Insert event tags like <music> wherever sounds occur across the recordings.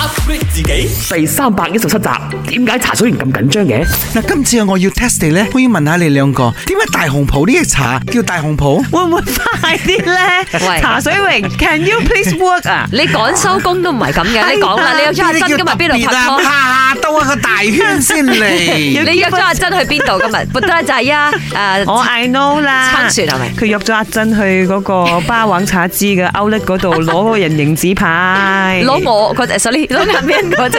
update 自己。第三百一十七集，點解茶水榮咁緊張嘅？嗱，今次啊，我要 test 你咧，我要問下你兩個，點解大紅袍呢隻茶叫大紅袍？會唔會快啲咧？喂，茶水榮，Can you please work 啊？你趕收工都唔係咁嘅，你講啦，你約咗阿珍今日邊度拍拖？下下到啊個大圈先嚟。你約咗阿珍去邊度？今日？多謝啊！誒，我 I know 啦。撐船係咪？佢約咗阿珍去嗰個巴王茶枝嘅歐力嗰度攞嗰個人形紙牌。攞我嗰隻 sorry。攞下面嗰隻，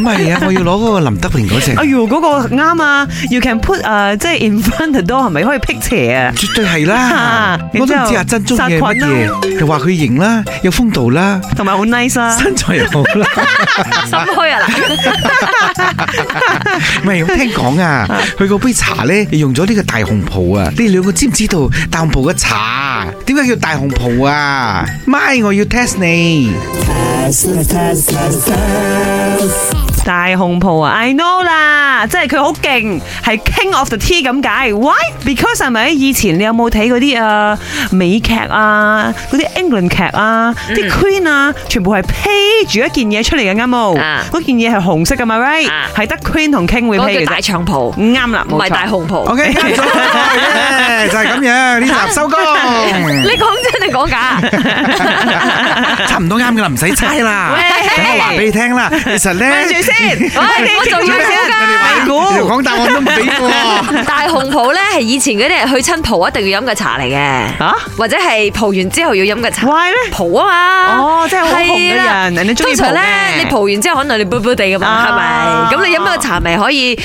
唔係啊！我要攞嗰個林德平嗰隻。哎呦，嗰個啱啊！You can put，誒，即係 in front the door，係咪可以辟邪啊？絕對係啦。我都唔知阿珍中意乜嘢？又話佢型啦，有風度啦，同埋好 nice 啦，身材又好啦，心虛啊啦！唔係，我聽講啊，佢嗰杯茶咧用咗呢個大紅袍啊！你哋兩個知唔知道大紅袍嘅茶點解叫大紅袍啊？咪，我要 test 你。大紅袍啊，I know 啦，即係佢好勁，係 King of the Tea 咁解。Why，because 係咪以前你有冇睇嗰啲啊美劇啊，嗰啲 England 劇啊，啲 Queen 啊，全部係披住一件嘢出嚟嘅啱冇？嗰件嘢係紅色噶嘛？Right，係得 Queen 同 King 會披嘅啫。嗰個大長袍，啱啦，冇錯，大紅袍。OK，就係咁樣，呢集收工。你講真定講假？差唔多啱嘅啦，唔使猜啦。我話俾你聽啦，其實咧，記住先，我做醫生噶。你又講答案都冇俾我。大紅袍咧係以前嗰啲人去親蒲一定要飲嘅茶嚟嘅。啊？或者係蒲完之後要飲嘅茶。Why 咧？蒲啊嘛。哦，即係好紅嘅人，人通常咧，你蒲完之後可能你杯杯地嘅嘛，係咪？咁你飲個茶咪可以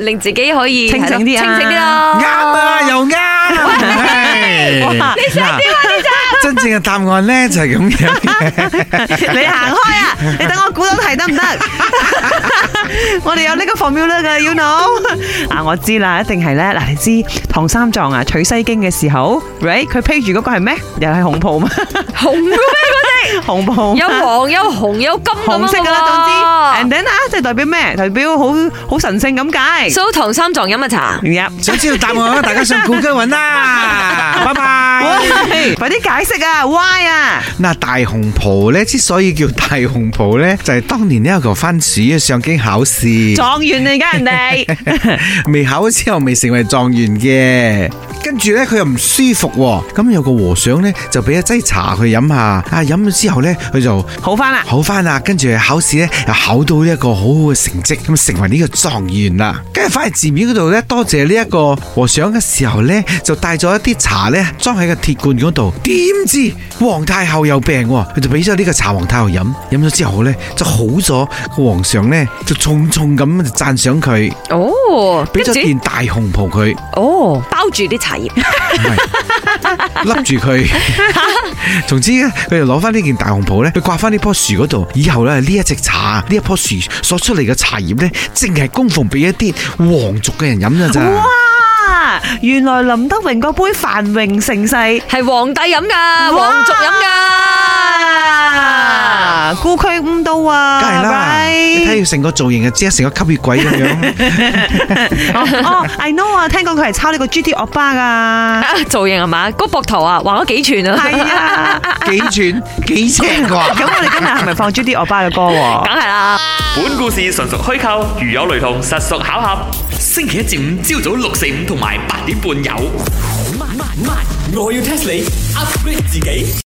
令自己可以清醒啲啊，清醒啲咯。啱啊，又啱。你使點啊？你真正嘅答案咧就係咁樣， <laughs> 你行開啊！你等我估到題得唔得？行不行 <laughs> <laughs> 我哋有呢個 formula 嘅，you know？ <laughs> 啊，我知啦，一定係咧。嗱，你知唐三藏啊取西經嘅時候 <laughs> ，right？佢披住嗰個係咩？又係紅袍嗎？ <laughs> 紅的。 <laughs> 紅布有黃有紅有金咁樣嘅咯，and then 啊，即係代表咩？代表好好神聖咁解。蘇唐三藏飲乜茶，想知道答案嘅大家上古吉揾啦，拜拜。快啲解釋啊，why 啊？嗱，大紅袍咧之所以叫大紅袍咧，就係當年有一個番薯上京考試，狀元嚟噶人哋，未考咗之後未成為狀元嘅，跟住咧佢又唔舒服，咁有個和尚咧就俾一劑茶佢飲下，啊飲咗之後。咧佢就好翻啦，好翻啦，跟住考試咧，又考到一個好好嘅成績，咁成為呢個狀元啦。跟住翻去寺廟嗰度咧，多謝呢一個和尚嘅時候咧，就帶咗一啲茶咧，裝喺個鐵罐嗰度。點知皇太后有病，佢就俾咗呢個茶皇太后飲，飲咗之後咧就好咗。個皇上咧就重重咁讚賞佢，哦，俾咗件大紅袍佢，哦，包住啲茶葉。笠住佢，總之呢，佢就攞翻呢件大紅袍呢，去掛翻呢棵樹嗰度。以後呢，呢一隻茶，呢一棵樹所出嚟嘅茶葉呢，淨係供奉俾一啲皇族嘅人飲咋。哇！原來林德榮嗰杯繁榮盛世係皇帝飲噶皇族飲噶，要成個造型啊，即係成個吸血鬼咁樣。哦、 <laughs> <laughs> oh，I know 說他是的的啊，聽講佢係抄呢個 GD Oppa 噶造型係嘛，個膊頭啊，畫咗幾寸啊，係 <laughs> 啊，幾寸幾尺啩？咁我哋今日係咪放 GD Oppa 嘅歌，啊？梗係啦。本故事純屬虛構，如有雷同，實屬巧合。星期一至五朝早六四五同埋八點半有。Oh、my, my, my, 我要 test 你 upgrade 自己。